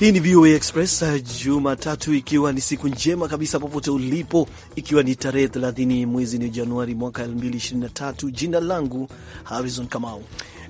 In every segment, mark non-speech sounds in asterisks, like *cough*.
Hii ni VOA Express uh, Jumatatu, ikiwa ni siku njema kabisa popote ulipo, ikiwa ni tarehe 30 mwezi ni Januari mwaka 2023. Jina langu Harrison Kamau.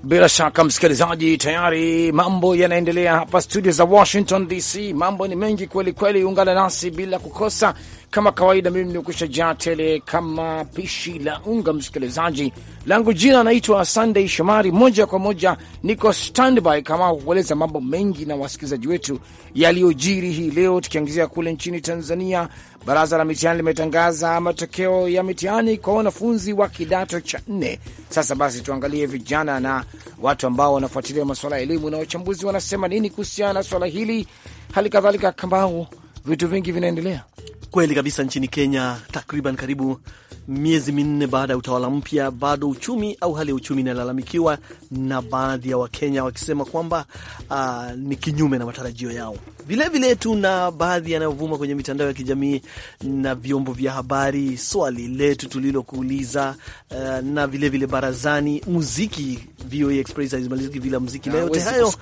Bila shaka msikilizaji, tayari mambo yanaendelea hapa studio za Washington DC. Mambo ni mengi kweli kweli, ungana nasi bila kukosa kama kawaida, mimi nimekusha jaa tele kama pishi la unga. Msikilizaji langu jina naitwa Sunday Shomari, moja kwa moja niko standby kama kueleza mambo mengi na wasikilizaji wetu yaliyojiri hii leo, tukiangazia kule nchini Tanzania. Baraza la mitihani limetangaza matokeo ya mitihani kwa wanafunzi wa kidato cha nne. Sasa basi, tuangalie vijana na watu ambao wanafuatilia masuala ya elimu na wachambuzi wanasema nini kuhusiana na swala hili. Hali kadhalika, kambao vitu vingi vinaendelea Kweli kabisa, nchini Kenya takriban karibu Miezi minne baada ya utawala mpya, bado uchumi au hali ya uchumi inalalamikiwa na baadhi ya Wakenya wakisema kwamba uh, ni kinyume na matarajio yao. Vilevile tuna baadhi yanayovuma kwenye mitandao ya kijamii na vyombo vya habari, swali letu tulilokuuliza uh, na vilevile vile barazani, muziki. VOA Express haizimaliziki bila muziki, na yote hayo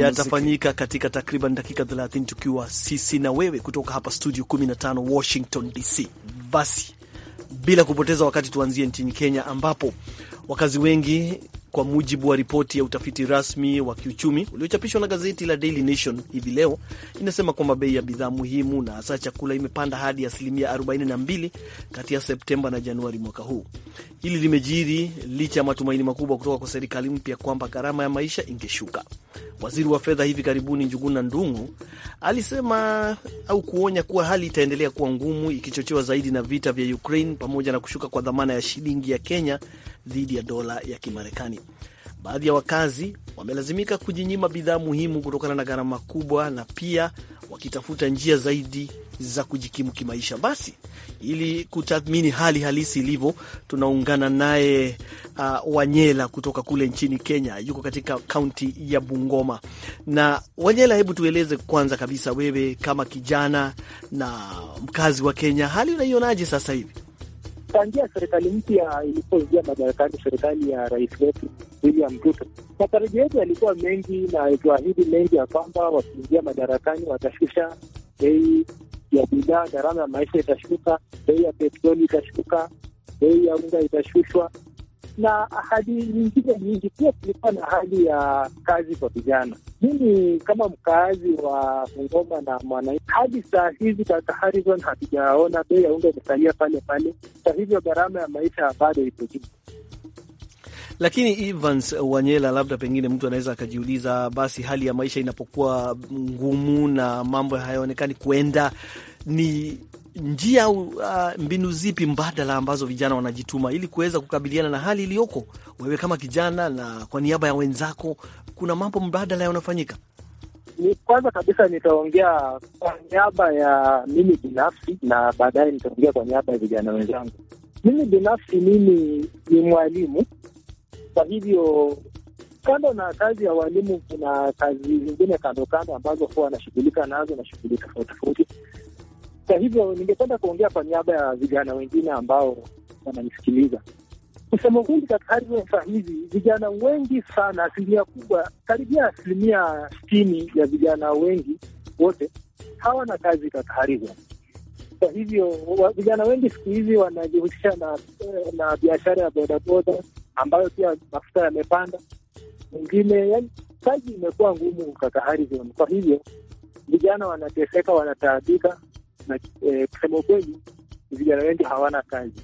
yatafanyika katika takriban dakika 30 tukiwa sisi na wewe kutoka hapa studio 15 Washington DC. Basi bila kupoteza wakati, tuanzie nchini Kenya ambapo wakazi wengi kwa mujibu wa ripoti ya utafiti rasmi wa kiuchumi uliochapishwa na gazeti la Daily Nation hivi leo inasema kwamba bei ya bidhaa muhimu na hasa chakula imepanda hadi asilimia 42 kati ya Septemba na Januari mwaka huu. Hili limejiri licha ya matumaini makubwa kutoka kwa serikali mpya kwamba gharama ya maisha ingeshuka. Waziri wa fedha hivi karibuni Njuguna Ndung'u alisema au kuonya kuwa hali itaendelea kuwa ngumu ikichochewa zaidi na vita vya Ukraine pamoja na kushuka kwa dhamana ya shilingi ya Kenya dhidi ya dola ya Kimarekani. Baadhi ya wakazi wamelazimika kujinyima bidhaa muhimu kutokana na gharama kubwa, na pia wakitafuta njia zaidi za kujikimu kimaisha. Basi ili kutathmini hali halisi ilivyo, tunaungana naye uh, Wanyela kutoka kule nchini Kenya, yuko katika kaunti ya Bungoma. Na Wanyela, hebu tueleze kwanza kabisa, wewe kama kijana na mkazi wa Kenya, hali unaionaje sasa hivi? Tangia serikali mpya ilipoingia madarakani, serikali ya rais wetu William Ruto, matarajio yetu yalikuwa mengi na tuahidi mengi ya kwamba wakiingia madarakani watashusha bei ya bidhaa, gharama ya maisha itashuka, bei ya petroli itashuka, bei ya unga itashushwa na ahadi nyingine nyingi. Pia kulikuwa na ahadi ya kazi kwa vijana. Mimi kama mkaazi wa Bungoma na mwananchi, hadi saa hizi kaka hatujaona bei ya unga imesalia pale pale. Kwa hivyo gharama ya maisha bado ipo juu. Lakini Evans Wanyela, labda pengine mtu anaweza akajiuliza, basi hali ya maisha inapokuwa ngumu na mambo hayaonekani kuenda, ni njia au uh, mbinu zipi mbadala ambazo vijana wanajituma ili kuweza kukabiliana na hali iliyoko? Wewe kama kijana na kwa niaba ya wenzako, kuna mambo mbadala yanafanyika? Ni kwanza kabisa nitaongea kwa niaba ya mimi binafsi na baadaye nitaongea kwa niaba ya vijana wenzangu. Mimi binafsi, mimi ni mwalimu, kwa hivyo kando na kazi ya walimu kuna kazi zingine kando kando ambazo huwa anashughulika nazo na shughuli tofauti tofauti kwa hivyo ningependa kuongea kwa niaba ya vijana wengine ambao wananisikiliza. Kusema ukweli, katika hali saa hizi vijana wengi sana, asilimia kubwa, karibia asilimia sitini ya vijana wengi wote hawana kazi katika hiyo. Kwa hivyo vijana wengi siku hizi wanajihusisha na, eh, na biashara ya bodaboda ambayo pia mafuta yamepanda, wengine yani kazi imekuwa ngumu katika hiyo. Kwa hivyo vijana wanateseka, wanataabika na eh, kusema ukweli vijana wengi hawana kazi.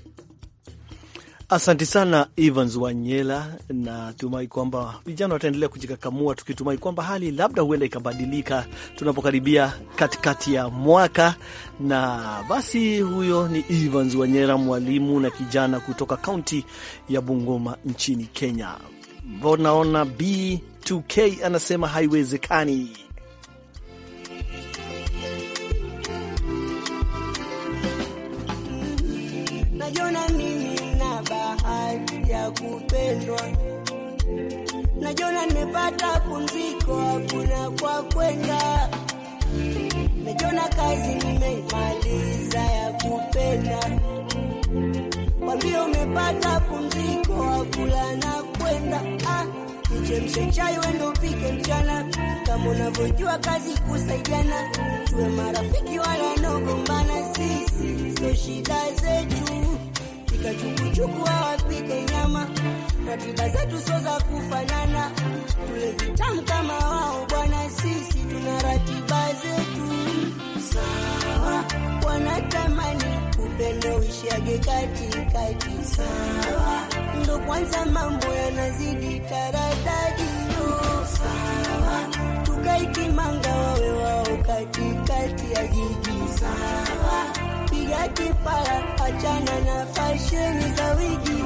Asante sana Evans Wanyela, natumai kwamba vijana wataendelea kujikakamua, tukitumai kwamba hali labda huenda ikabadilika tunapokaribia katikati ya mwaka. Na basi, huyo ni Evans Wanyela, mwalimu na kijana kutoka kaunti ya Bungoma nchini Kenya. naona B2K anasema haiwezekani. Najiona mimi na bahati ya kupendwa, najiona nimepata pumziko, hakuna kwa kwenda. Najiona kazi nimemaliza ya kupenda, kwambio umepata pumziko, hakula na kwenda ah chemshe chai wendo upike mchana, kama unavyojua kazi kusaidiana. Tuwe marafiki wala nogombana, sisi so shida zetu. Pika chukuchuku wawapike nyama, ratiba zetu so za kufanana. Tule vitamu kama wao bwana, sisi tuna ratiba zetu sawa upendo uishage katikati, sawa, ndo kwanza mambo yanazidi taratadino, sawa, tukaikimanga wawe wao katikati ya jiji, sawa, piga kipara, achana na fasheni za wigi,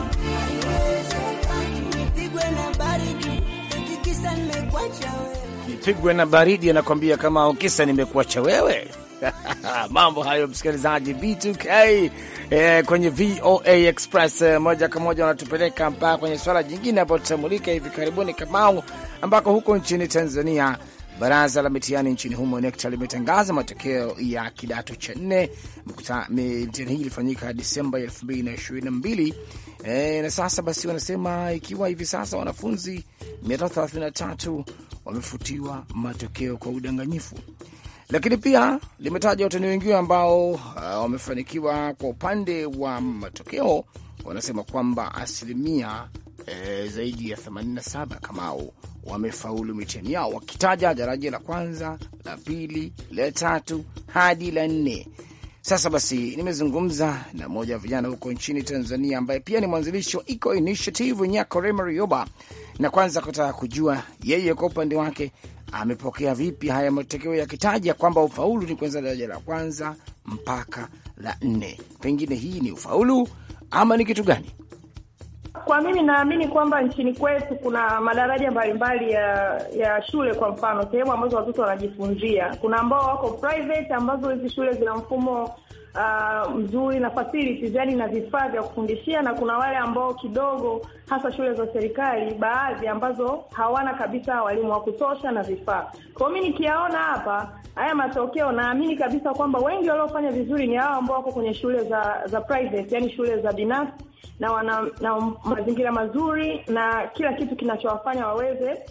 nipigwe na baridi eti nimekuacha wewe, nipigwe na baridi, anakwambia kama kisa nimekuacha wewe. *laughs* mambo hayo msikilizaji, B2K eh, kwenye VOA Express eh, moja kwa moja wanatupeleka mpaka kwenye swala jingine ambayo tutamulika hivi karibuni, Kamau, ambako huko nchini Tanzania baraza la mitihani nchini humo NECTA limetangaza matokeo ya kidato cha nne. Mitihani hii ilifanyika Disemba elfu mbili e, na sasa basi wanasema ikiwa hivi sasa wanafunzi 333 wamefutiwa matokeo kwa udanganyifu lakini pia limetaja watani wengine ambao uh, wamefanikiwa kwa upande wa matokeo. Wanasema kwamba asilimia eh, zaidi ya 87 kamao wamefaulu mitihani yao, wakitaja daraja la kwanza, la pili, la tatu hadi la nne. Sasa basi, nimezungumza na mmoja wa vijana huko nchini Tanzania ambaye pia ni mwanzilishi wa Eco Initiative Nyakorema Rioba, na kwanza kutaka kujua yeye kwa upande wake amepokea vipi haya matokeo, yakitaja kwamba ufaulu ni kuanza daraja la kwanza mpaka la nne. Pengine hii ni ufaulu ama ni kitu gani? Kwa mimi naamini kwamba nchini kwetu kuna madaraja mbalimbali ya ya shule. Kwa mfano, sehemu ambazo watoto wanajifunzia, kuna ambao wako private, ambazo hizi shule zina mfumo uh, mzuri na facilities, yani na vifaa vya kufundishia, na kuna wale ambao kidogo, hasa shule za serikali baadhi ambazo hawana kabisa walimu wa kutosha na vifaa. Kwa mi nikiyaona hapa haya matokeo, naamini kabisa kwamba wengi waliofanya vizuri ni hao ambao wako kwenye shule za za private, yani shule za binafsi, na wana na mazingira mazuri na kila kitu kinachowafanya waweze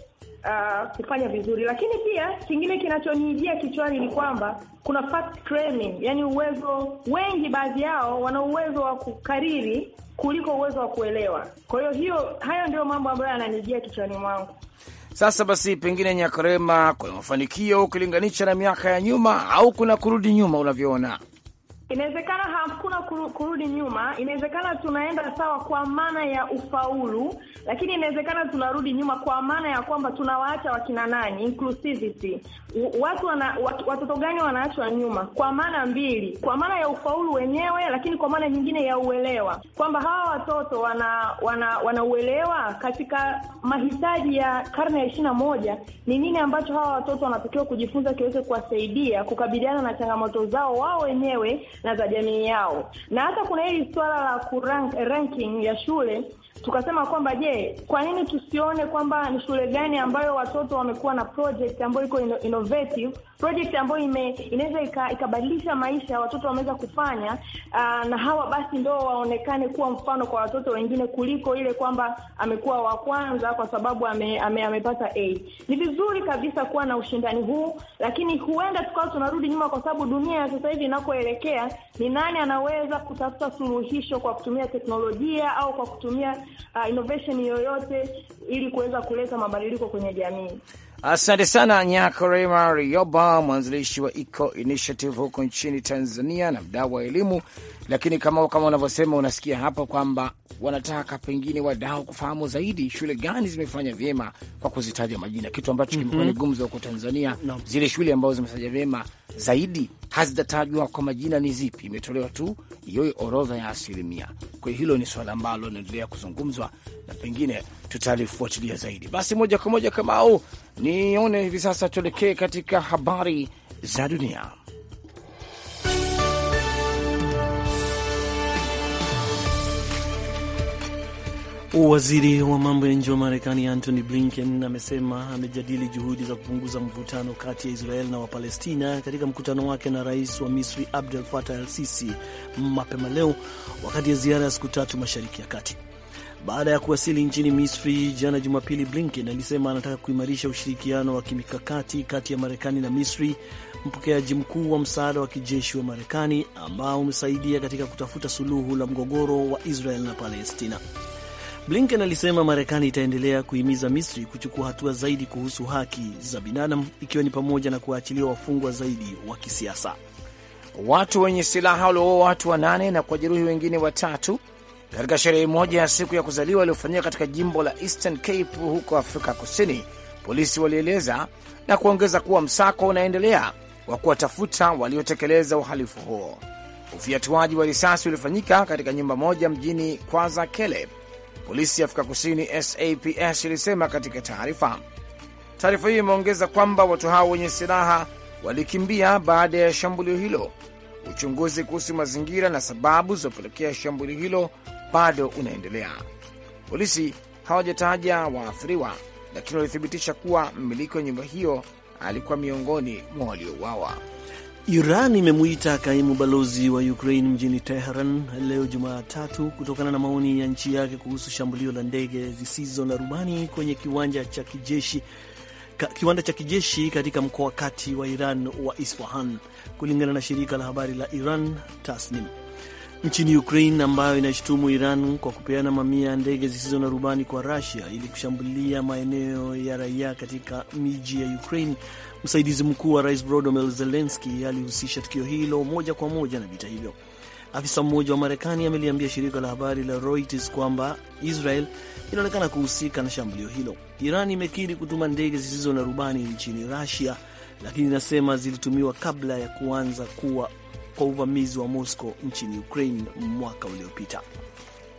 uh, kufanya vizuri, lakini pia kingine kinachoniijia kichwani ni kwamba kuna fast training, yani uwezo wengi, baadhi yao wana uwezo wa kukariri kuliko uwezo wa kuelewa. Kwa hiyo hiyo, hayo ndio mambo ambayo yananijia kichwani mwangu. Sasa basi, pengine Nyakarema, kuna mafanikio ukilinganisha na miaka ya nyuma, au kuna kurudi nyuma unavyoona? Inawezekana hakuna kurudi nyuma, inawezekana tunaenda sawa kwa maana ya ufaulu, lakini inawezekana tunarudi nyuma kwa maana ya kwamba tunawaacha wakina nani, inclusivity, watu wana, watoto gani wanaachwa nyuma, kwa maana mbili, kwa maana ya ufaulu wenyewe, lakini kwa maana nyingine ya uelewa, kwamba hawa watoto wana wana wanauelewa katika mahitaji ya karne ya ishirini na moja, ni nini ambacho hawa watoto wanatakiwa kujifunza kiweze kuwasaidia kukabiliana na changamoto zao wao wenyewe na za jamii yao. Na hata kuna hili swala la ranking ya shule tukasema kwamba je, kwa nini tusione kwamba ni shule gani ambayo watoto wamekuwa na project ambayo iko innovative project ambayo inaweza ikabadilisha maisha watoto wameweza kufanya. Uh, na hawa basi ndo waonekane kuwa mfano kwa watoto wengine kuliko ile kwamba amekuwa wa kwanza kwa sababu ame, ame, amepata A. Ni vizuri kabisa kuwa na ushindani huu, lakini huenda tukawa tunarudi nyuma, kwa sababu dunia ya sasa hivi inakoelekea, ni nani anaweza kutafuta suluhisho kwa kutumia teknolojia au kwa kutumia uh, innovation yoyote ili kuweza kuleta mabadiliko kwenye jamii. Asante sana Nyakorema Rioba, mwanzilishi wa Eco Initiative huko nchini Tanzania na mdau wa elimu. Lakini kama kama unavyosema, unasikia hapo kwamba wanataka pengine wadau kufahamu zaidi shule gani zimefanya vyema kwa kuzitaja majina, kitu ambacho mm -hmm. kimekuwa mhm. ni gumzo huko Tanzania no. zile shule ambazo zimetaja vyema zaidi hazitatajwa kwa majina ni zipi, imetolewa tu hiyo orodha ya asilimia. Kwa hiyo hilo ni swala ambalo linaendelea kuzungumzwa na pengine tutalifuatilia zaidi. Basi moja kwa moja, Kamau, nione hivi sasa tuelekee katika habari za dunia. Waziri wa mambo ya nje wa Marekani Antony Blinken amesema amejadili juhudi za kupunguza mvutano kati ya Israel na Wapalestina katika mkutano wake na rais wa Misri Abdel Fattah el Sisi mapema leo wakati ya ziara ya siku tatu Mashariki ya Kati. Baada ya kuwasili nchini Misri jana Jumapili, Blinken alisema anataka kuimarisha ushirikiano wa kimikakati kati ya Marekani na Misri, mpokeaji mkuu wa msaada wa kijeshi wa Marekani ambao umesaidia katika kutafuta suluhu la mgogoro wa Israel na Palestina. Blinken alisema Marekani itaendelea kuhimiza Misri kuchukua hatua zaidi kuhusu haki za binadamu ikiwa ni pamoja na kuwaachilia wafungwa zaidi wa kisiasa. Watu wenye silaha walioua watu wanane na kuwajeruhi wengine watatu katika sherehe moja ya siku ya kuzaliwa iliyofanyika katika jimbo la Eastern Cape huko Afrika Kusini, polisi walieleza na kuongeza kuwa msako unaendelea wa kuwatafuta waliotekeleza uhalifu huo. Ufiatuaji wa risasi ulifanyika katika nyumba moja mjini Kwazakele Polisi ya Afrika Kusini SAPS ilisema katika taarifa. Taarifa hiyo imeongeza kwamba watu hao wenye silaha walikimbia baada ya shambulio hilo. Uchunguzi kuhusu mazingira na sababu zilizopelekea shambulio hilo bado unaendelea. Polisi hawajataja waathiriwa, lakini walithibitisha kuwa mmiliki wa nyumba hiyo alikuwa miongoni mwa waliouawa. Iran imemuita kaimu balozi wa Ukraine mjini Teheran leo Jumatatu kutokana na maoni ya nchi yake kuhusu shambulio la ndege zisizo na rubani kwenye kiwanda cha kijeshi Ka, kiwanda cha kijeshi katika mkoa kati wa Iran wa Isfahan, kulingana na shirika la habari la Iran Tasnim. Nchini Ukraine ambayo inashutumu Iran kwa kupeana mamia ya ndege zisizo na rubani kwa Russia ili kushambulia maeneo ya raia katika miji ya Ukraine Msaidizi mkuu wa rais Volodymyr zelenski alihusisha tukio hilo moja kwa moja na vita hivyo. Afisa mmoja wa Marekani ameliambia shirika la habari la Reuters kwamba Israel inaonekana kuhusika na shambulio hilo. Iran imekiri kutuma ndege zisizo na rubani nchini Rusia, lakini inasema zilitumiwa kabla ya kuanza kuwa kwa uvamizi wa Moscow nchini Ukraine mwaka uliopita.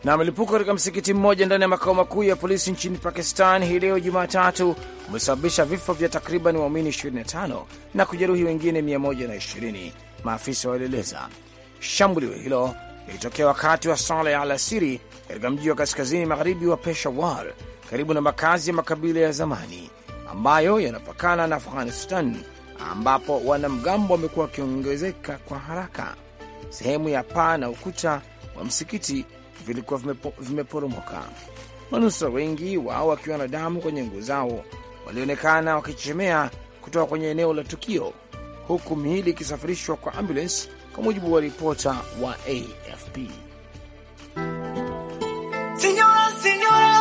Na mlipuko katika msikiti mmoja ndani ya makao makuu ya polisi nchini Pakistan hii leo Jumatatu umesababisha vifo vya takriban waumini 25 na kujeruhi wengine 120, maafisa walieleza. Shambulio hilo lilitokea wakati wa sala ya alasiri katika mji wa kaskazini magharibi wa Peshawar, karibu na makazi ya makabila ya zamani ambayo yanapakana na Afghanistan, ambapo wanamgambo wamekuwa wakiongezeka kwa haraka. Sehemu ya paa na ukuta wa msikiti vilikuwa vimeporomoka. Manusura wengi wao wakiwa na damu kwenye nguo zao walionekana wakichemea kutoka kwenye eneo la tukio, huku miili ikisafirishwa kwa ambulance, kwa mujibu wa ripota wa AFP. Signora, signora.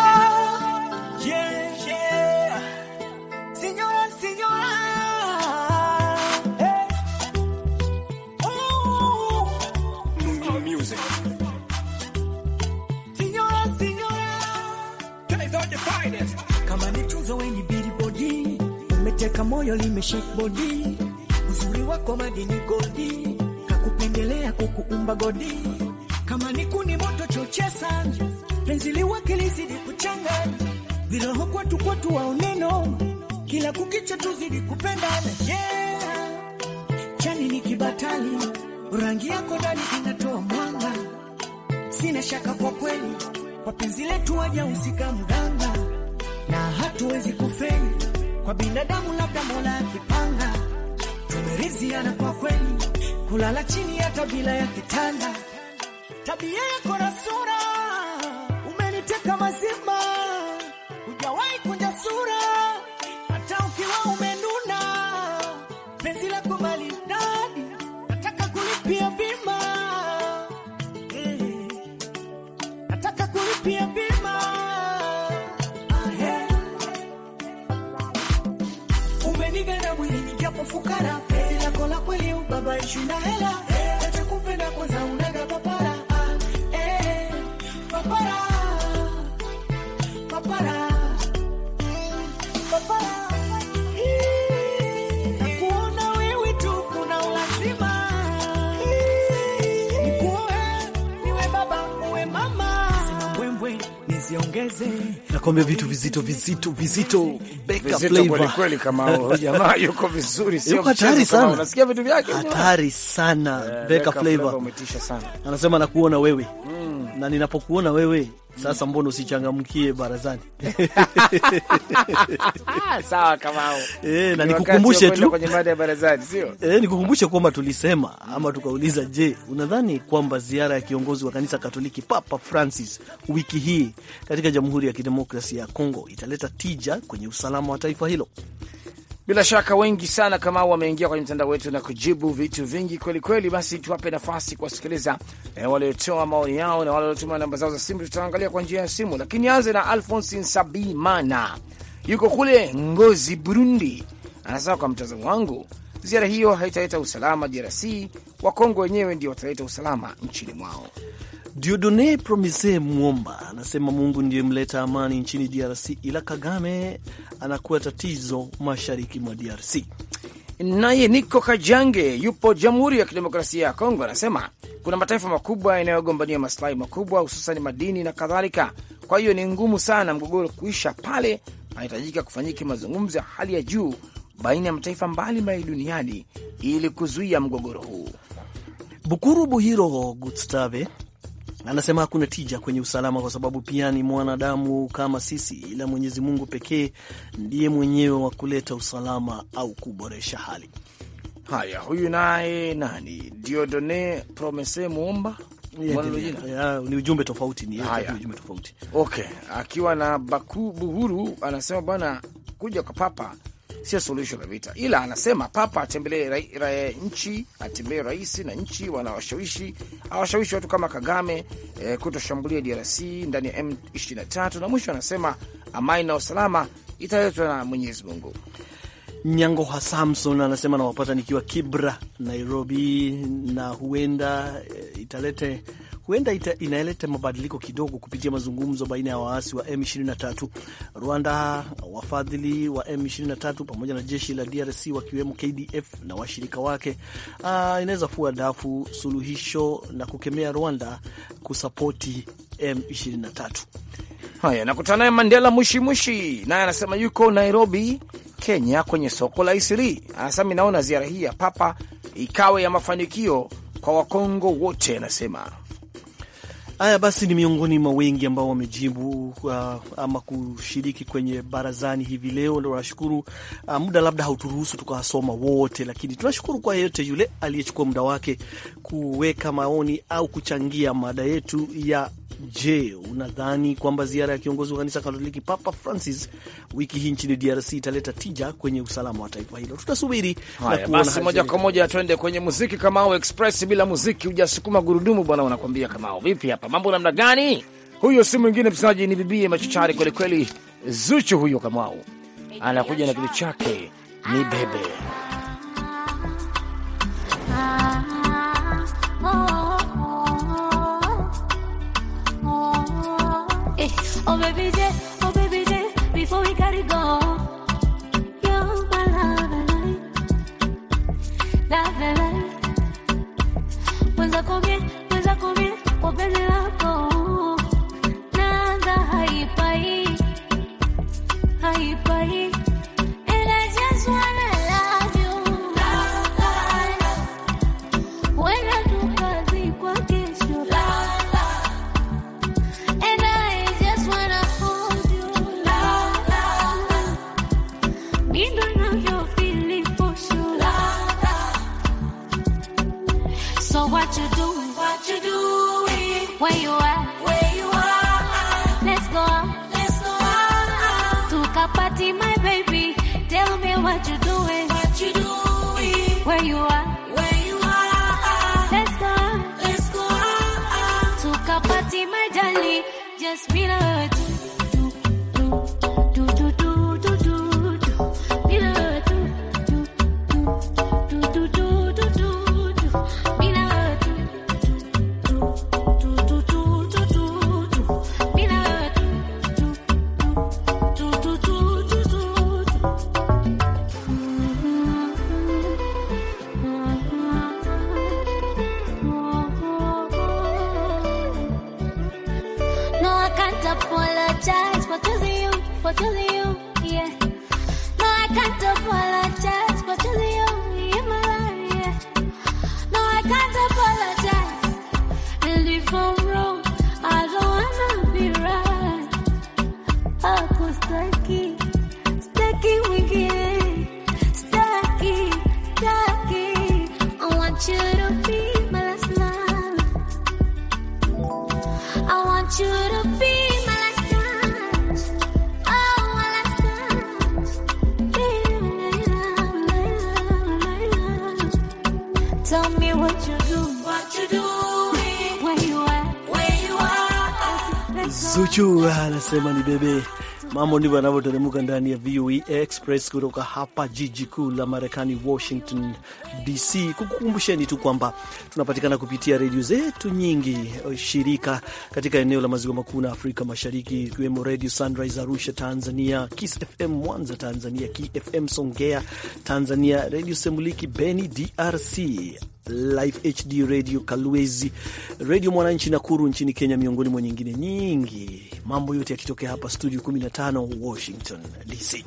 Yeah, yeah. Signora, signora. Hey. Oh. Nimesheka moyo limeshake body, uzuri wako madini goldi, kakupendelea kukuumba godi, kama ni kuni moto chochesa, penzi liwake lizidi kuchanga, viroho kwetu kwetu wao uneno, kila kukicha tuzidi kupenda. yeah. Chani ni kibatali, rangi yako ndani inatoa mwanga, sina shaka kwa kweli, wapenzi letu waja usika mganga, na hatuwezi kufeli kwa binadamu, labda Mola akipanga, tumeriziana kwa kweli, kulala chini hata bila ya kitanda. Tabia yako na sura umeniteka mazima Nationale nakwambia vitu vizito vizito vizito, kweli, kama *laughs* jamaa yuko vizuri, sio hatari sana, unasikia vitu vyake hatari sana. Eh, beka Flavor umetisha sana, anasema nakuona wewe mm, na ninapokuona wewe sasa mbona usichangamkie barazani? *laughs* Sawa Kamau. E, na nikukumbushe tu kwenye mada ya barazani, sio e, nikukumbushe kwamba tulisema ama tukauliza, je, unadhani kwamba ziara ya kiongozi wa kanisa Katoliki Papa Francis wiki hii katika Jamhuri ya Kidemokrasia ya Kongo italeta tija kwenye usalama wa taifa hilo? Bila shaka wengi sana kama wameingia kwenye mtandao wetu na kujibu vitu vingi kweli kweli. Basi tuwape nafasi kuwasikiliza eh, waliotoa maoni yao na wale waliotuma namba zao za simu, tutaangalia kwa njia ya simu, lakini anze na alfonsi Sabimana, yuko kule Ngozi, Burundi. Anasema, kwa mtazamo wangu ziara hiyo haitaleta usalama DRC, Wakongo wenyewe ndio wataleta usalama nchini mwao. Diodone Promise Mwomba anasema Mungu ndiye mleta amani nchini DRC, ila Kagame anakuwa tatizo mashariki mwa DRC. Naye Niko Kajange yupo Jamhuri ya Kidemokrasia ya Kongo anasema kuna mataifa makubwa yanayogombania masilahi makubwa, hususani madini na kadhalika. Kwa hiyo ni ngumu sana mgogoro kuisha pale, anahitajika kufanyike mazungumzo ya hali ya juu baina ya mataifa mbalimbali duniani ili kuzuia mgogoro huu. Bukuru Buhiro Gustave anasema hakuna tija kwenye usalama kwa sababu pia ni mwanadamu kama sisi, ila Mwenyezi Mungu pekee ndiye mwenyewe wa kuleta usalama au kuboresha hali. Haya, huyu naye nani, Diodone Promese Muomba ni ujumbe tofauti, ni ujumbe tofauti. Okay, akiwa na Baku Buhuru anasema bwana kuja kwa papa sio suluhisho la vita, ila anasema papa atembelee nchi, atembelee rais na nchi, wanawashawishi awashawishi watu kama Kagame e, kutoshambulia DRC ndani ya M23, na mwisho anasema amani na usalama italetwa na Mwenyezi Mungu. Nyangoha Samson anasema nawapata nikiwa Kibra, Nairobi, na huenda eh, italete huenda inaleta mabadiliko kidogo kupitia mazungumzo baina ya waasi wa M23, Rwanda, wafadhili wa M23 pamoja na jeshi la DRC wakiwemo KDF na washirika wake. Uh, inaweza fua dafu suluhisho na kukemea Rwanda kusapoti M23. Haya, nakutana naye Mandela Mushimushi, naye anasema yuko Nairobi, Kenya, kwenye soko la Isiri. Anasema naona ziara hii ya Papa ikawe ya mafanikio kwa Wakongo wote, anasema Haya basi, ni miongoni mwa wengi ambao wamejibu uh, ama kushiriki kwenye barazani hivi leo. Tunashukuru uh, muda labda hauturuhusu tukawasoma wote, lakini tunashukuru kwa yeyote yule aliyechukua muda wake kuweka maoni au kuchangia mada yetu ya Je, unadhani kwamba ziara ya kiongozi wa kanisa Katoliki Papa Francis wiki hii nchini DRC italeta tija kwenye usalama wa taifa hilo? Tutasubiri na Basi moja kwa moja tuende kwenye muziki. Kamao Express, bila muziki hujasukuma gurudumu bwana. Unakwambia Kamao, vipi hapa mambo namna gani? Huyo si mwingine msemaji, ni bibie machachari kwelikweli, Zuchu huyo. Kamao anakuja na kitu chake, ni bebe apologize for choosing you, for choosing you, yeah. No, I can't apologize. Zuchu anasema ni bebe. Mambo ndivyo anavyoteremuka ndani ya VOA e Express kutoka hapa jiji kuu la Marekani, Washington DC. Kukukumbusheni tu kwamba tunapatikana kupitia redio zetu nyingi eh, shirika katika eneo la maziwa makuu na Afrika Mashariki, ikiwemo Redio Sunrise Arusha Tanzania, Kiss FM Mwanza Tanzania, KFM Songea Tanzania, Redio Semuliki Beni DRC, Live HD Radio Kalwezi, Radio Mwananchi Nakuru nchini Kenya, miongoni mwa nyingine nyingi, mambo yote yakitokea hapa studio 15 Washington DC.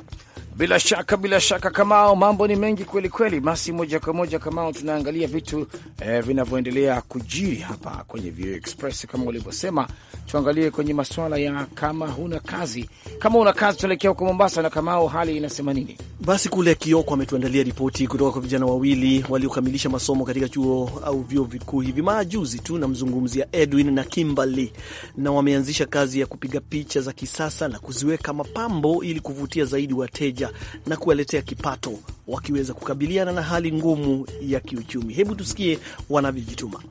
Bila shaka bila shaka, Kamao, mambo ni mengi kweli kweli. Basi moja kwa moja, Kamao, tunaangalia vitu eh, vinavyoendelea kujiri hapa kwenye VOA Express. Kama ulivyosema, tuangalie kwenye masuala ya kama huna kazi. Kama una kazi, tuelekea huko Mombasa na Kamao, hali inasema nini? Basi kule Kioko ametuandalia ripoti kutoka kwa vijana wawili waliokamilisha masomo katika chuo au vyuo vikuu hivi majuzi tu, namzungumzia Edwin na Kimberly, na wameanzisha kazi ya kupiga picha za kisasa na kuziweka mapambo ili kuvutia zaidi wateja tija na kuwaletea kipato wakiweza kukabiliana na hali ngumu ya kiuchumi. Hebu tusikie wanavyojituma.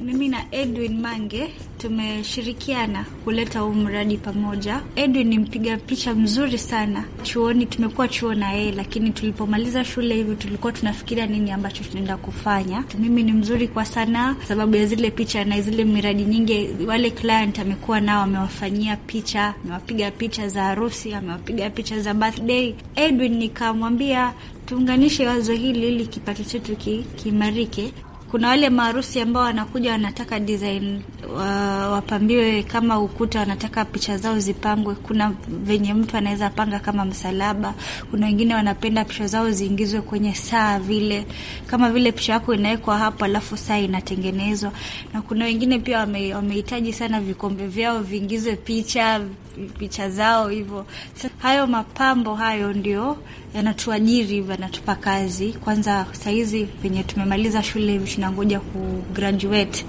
Mimi na Edwin Mange tumeshirikiana kuleta huu mradi pamoja. Edwin ni mpiga picha mzuri sana. Chuoni tumekuwa chuo na yeye, lakini tulipomaliza shule hivi tulikuwa tunafikiria nini ambacho tunaenda kufanya. Mimi ni mzuri kwa sanaa sababu ya zile picha na zile miradi nyingi, wale client amekuwa nao, amewafanyia picha, amewapiga picha za harusi, amewapiga picha za birthday. Edwin nikamwambia tuunganishe wazo hili ili kipato chetu kiimarike kuna wale maarusi ambao wanakuja wanataka design wa, wapambiwe kama ukuta, wanataka picha zao zipangwe. Kuna venye mtu anaweza panga kama msalaba. Kuna wengine wanapenda picha zao ziingizwe kwenye saa vile, kama vile picha yako inawekwa hapo, alafu saa inatengenezwa. Na kuna wengine pia wame, wamehitaji sana vikombe vyao viingizwe picha picha zao hivyo. Hayo mapambo hayo ndio yanatuajiri hivyo, yanatupa kazi. Kwanza sahizi penye tumemaliza shule hivi tunangoja graduate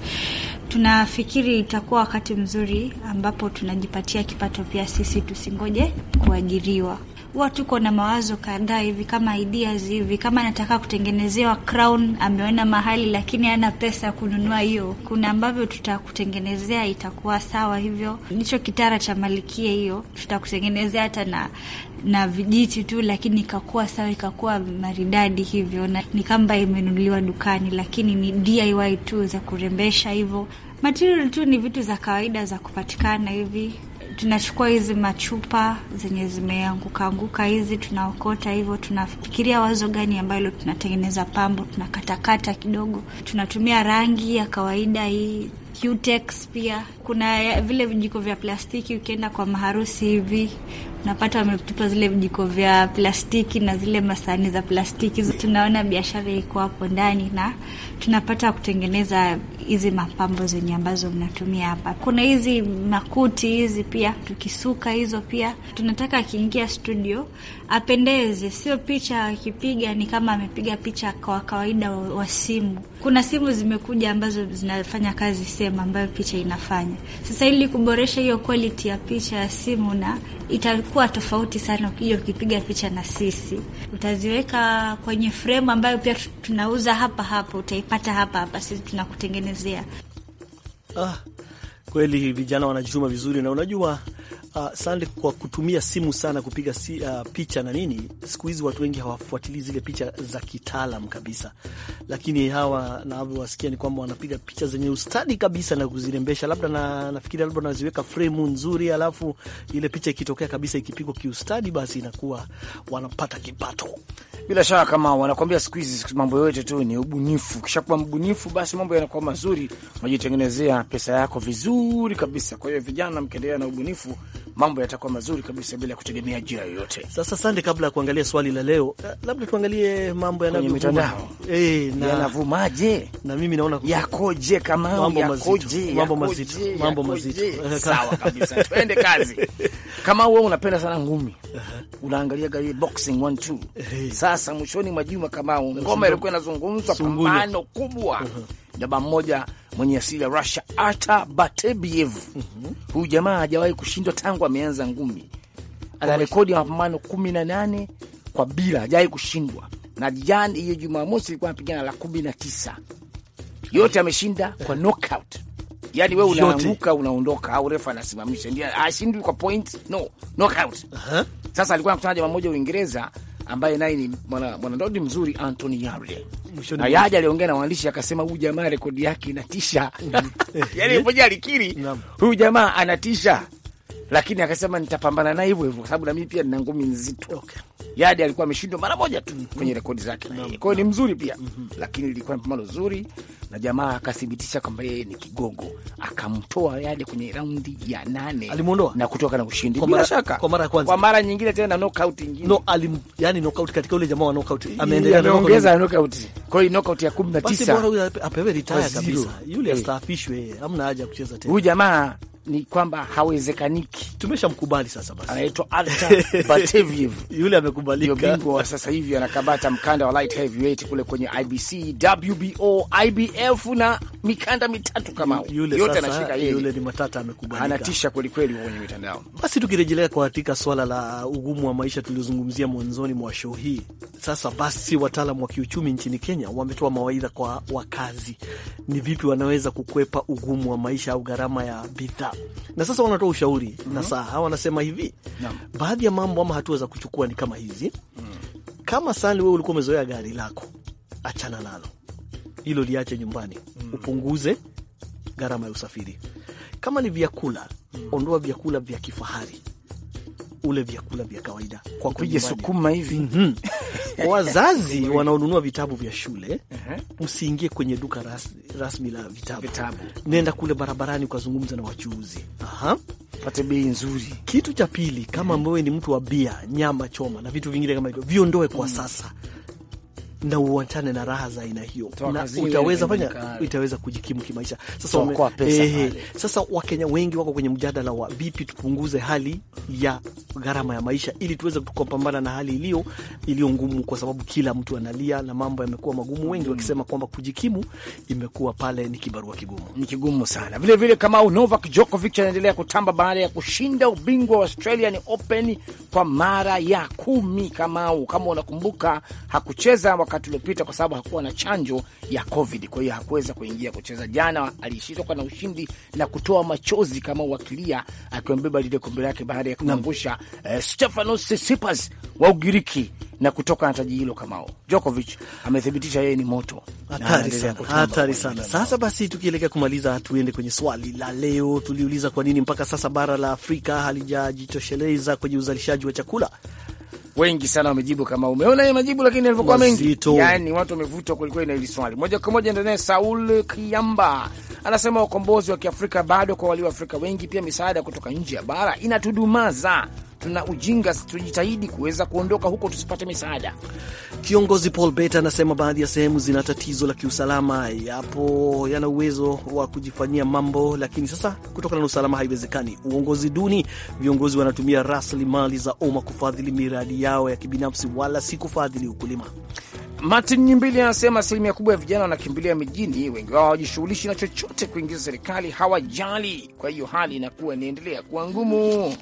tunafikiri itakuwa wakati mzuri ambapo tunajipatia kipato pia sisi, tusingoje kuajiriwa huwa tuko na mawazo kadhaa hivi kama ideas hivi, kama anataka kutengenezewa crown, ameona mahali lakini hana pesa ya kununua hiyo, kuna ambavyo tutakutengenezea itakuwa sawa. Hivyo ndicho kitara cha malikia hiyo, tutakutengenezea hata na na vijiti tu, lakini ikakuwa sawa, ikakuwa maridadi hivyo, na ni kamba imenunuliwa dukani, lakini ni DIY tu za kurembesha hivyo. Material tu ni vitu za kawaida za kupatikana hivi tunachukua hizi machupa zenye zimeanguka anguka hizi, tunaokota hivyo, tunafikiria wazo gani ambalo tunatengeneza pambo, tunakatakata kidogo, tunatumia rangi ya kawaida hii Cutex pia kuna vile vijiko vya plastiki. Ukienda kwa maharusi hivi unapata wametupa zile vijiko vya plastiki na zile masahani za plastiki. Tunaona biashara iko hapo ndani na tunapata kutengeneza hizi mapambo zenye ambazo mnatumia hapa. Kuna hizi makuti hizi pia, tukisuka hizo pia tunataka akiingia studio apendeze, sio picha akipiga ni kama amepiga picha kwa kawaida wa simu. Kuna simu zimekuja ambazo zinafanya kazi sehemu ambayo picha inafanya sasa ili kuboresha hiyo quality ya picha ya simu, na itakuwa tofauti sana ukija ukipiga picha na sisi, utaziweka kwenye fremu ambayo pia tunauza hapa hapa, utaipata hapa hapa, sisi tunakutengenezea. Ah, kweli vijana wanajituma vizuri, na unajua Uh, sande kwa kutumia simu sana kupiga si, uh, picha na nini. Siku hizi watu wengi hawafuatilii zile picha za kitaalam kabisa, lakini hawa navyowasikia ni kwamba wanapiga picha zenye ustadi kabisa na kuzirembesha, labda na nafikiri labda wanaziweka fremu nzuri, alafu ile picha ikitokea kabisa ikipigwa kiustadi, basi inakuwa wanapata kipato bila shaka. Kama wanakwambia siku hizi mambo yote tu ni ubunifu, kishakuwa mbunifu, basi mambo yanakuwa mazuri, unajitengenezea pesa yako vizuri kabisa. Kwa hiyo vijana, mkiendelea na ubunifu mambo yatakuwa mazuri kabisa bila kutegemea ajira yoyote. Sasa sande, kabla ya kuangalia swali la leo, eh, labda tuangalie mambo yanavyo mitandao eh, na yanavumaje, na mimi naona yakoje, kama mambo mazito, mambo mazito, mambo mazito. *laughs* Sawa kabisa, twende kazi. Kama wewe unapenda sana ngumi, uh-huh. unaangalia gari boxing 1 2 sasa, mwishoni mwa juma, kama ngoma ilikuwa inazungumzwa, pambano kubwa uh-huh daba mmoja mwenye asili ya Russia, Ata Batebiev. mm -hmm. Huyu jamaa hajawahi kushindwa tangu ameanza ngumi, ana rekodi ya mapambano kumi na nane kwa bila, hajawahi kushindwa. Na jana hiyo Jumamosi ilikuwa anapigana la kumi na tisa yote ameshinda kwa knockout. Yani we unaanguka unaondoka, au refa anasimamisha, ndio ashindwi kwa point, no knockout. uh -huh. Sasa alikuwa anakutana jamaa mmoja Uingereza ambaye naye ni mwanandondi mzuri Anthony Yarde. ayaja aliongea na waandishi akasema, huyu jamaa rekodi yake inatisha. Mm-hmm. *laughs* Yani mmoja alikiri huyu jamaa anatisha, lakini akasema nitapambana naye hivyo hivyo, kwa sababu na mimi pia nina ngumi nzito. Yadi alikuwa ameshindwa mara moja tu mm-hmm. kwenye rekodi zake, kwa hiyo ni mzuri pia, mm-hmm. lakini ilikuwa ni pambano zuri na jamaa akathibitisha kwamba yeye ni kigogo, akamtoa yale kwenye raundi ya nane, alimuondoa na kutoka na ushindi bila shaka kwa mara ya kwanza, kwa mara nyingine tena knockout nyingine, no alim, yani knockout katika ule jamaa wa knockout ameendelea na kuongeza knockout, kwa hiyo knockout ya 19 basi bora huyu apewe retire kabisa, yule astaafishwe, hamna haja ya kucheza tena huyu jamaa ni kwamba hawezekaniki, tumeshamkubali sasa. Basi anaitwa Alta *laughs* Bateviev yule amekubalika, ndio bingwa wa sasa hivi, anakabata mkanda wa light heavyweight kule kwenye IBC, WBO, IBA elfu na mikanda mitatu kama yule, yote anashika yeye. Yule ni matata amekubalika, anatisha kweli kweli kwenye mitandao. Basi tukirejelea kwa hatika swala la ugumu wa maisha tuliozungumzia mwanzoni mwa show hii, sasa basi wataalamu wa kiuchumi nchini Kenya wametoa mawaidha kwa wakazi, ni vipi wanaweza kukwepa ugumu wa maisha au gharama ya bidhaa, na sasa wanatoa ushauri mm -hmm. na mhm. saa hawa wanasema hivi no. baadhi ya mambo ama hatua za kuchukua ni kama hizi mm. kama sani wewe ulikuwa umezoea gari lako, achana nalo hilo liache nyumbani mm. Upunguze gharama ya usafiri. Kama ni vyakula, mm. ondoa vyakula vya kifahari, ule vyakula vya kawaida kwa sukuma hivi mm -hmm. Wazazi *laughs* wanaonunua vitabu vya shule msiingie uh -huh. kwenye duka ras, rasmi la vitabu. Vitabu nenda kule barabarani ukazungumza na wachuuzi aha, pate bei nzuri. Kitu cha pili, kama wewe ni mtu wa bia, nyama choma na vitu vingine kama hivyo, viondoe kwa mm. sasa na uachane na raha za aina hiyo, na utaweza fanya, itaweza kujikimu kimaisha. Sasa ume, ehe, sasa Wakenya wengi wako kwenye mjadala wa vipi tupunguze hali ya gharama ya maisha ili tuweze kupambana na hali iliyo iliyo ngumu, kwa sababu kila mtu analia na mambo yamekuwa magumu, wengi hmm, wakisema kwamba kujikimu imekuwa pale ni kibarua kigumu, ni kigumu sana. Vile vile kama Novak Djokovic anaendelea kutamba baada ya kushinda ubingwa wa Australian Open kwa mara ya kumi. kama au kama unakumbuka hakucheza wakati uliopita, kwa sababu hakuwa na chanjo ya COVID. Kwa hiyo hakuweza kuingia kucheza jana, aliishitoka na ushindi na kutoa machozi kama uwakilia, akiwambeba lile kombe lake baada ya kumwangusha eh, Stefanos Tsitsipas wa Ugiriki na kutoka na taji hilo. Kamao Djokovic amethibitisha yeye ni moto, hatari sana, hatari sana. Sasa basi, tukielekea kumaliza, tuende kwenye swali la leo. Tuliuliza kwa nini mpaka sasa bara la Afrika halijajitosheleza kwenye uzalishaji wa chakula wengi sana wamejibu kama umeona majibu, lakini yalivyokuwa mengi, yani watu wamevutwa kwelikweli na hili swali. Moja kwa moja ndanaye Saul Kiamba anasema ukombozi wa Kiafrika bado kwa walio Afrika wengi, pia misaada kutoka nje ya bara inatudumaza tuna ujinga, tujitahidi kuweza kuondoka huko tusipate misaada. Kiongozi Paul Bet anasema baadhi ya sehemu zina tatizo la kiusalama, yapo yana uwezo wa kujifanyia mambo, lakini sasa kutokana na usalama haiwezekani. Uongozi duni, viongozi wanatumia rasilimali za umma kufadhili miradi yao ya kibinafsi, wala si kufadhili ukulima. Martin Nyimbili anasema asilimia kubwa ya vijana wanakimbilia mijini, wengi wao hawajishughulishi na chochote kuingiza serikali, hawajali. Kwa hiyo hali inakuwa inaendelea kuwa ngumu.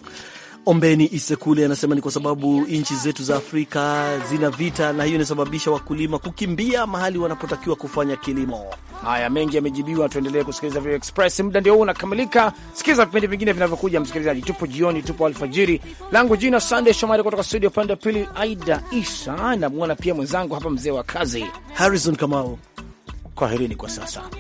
Ombeni Isekule anasema ni kwa sababu nchi zetu za Afrika zina vita na hiyo inasababisha wakulima kukimbia mahali wanapotakiwa kufanya kilimo. Haya, mengi yamejibiwa. Tuendelee kusikiliza Vio Express. Muda ndio huu unakamilika. Sikiliza vipindi vingine vinavyokuja, msikilizaji. Tupo jioni, tupo alfajiri. Langu jina Sandey Shomari kutoka studio upande wa pili, Aida Isa namwona pia mwenzangu hapa, mzee wa kazi Harrison Kamau. Kwaherini kwa sasa.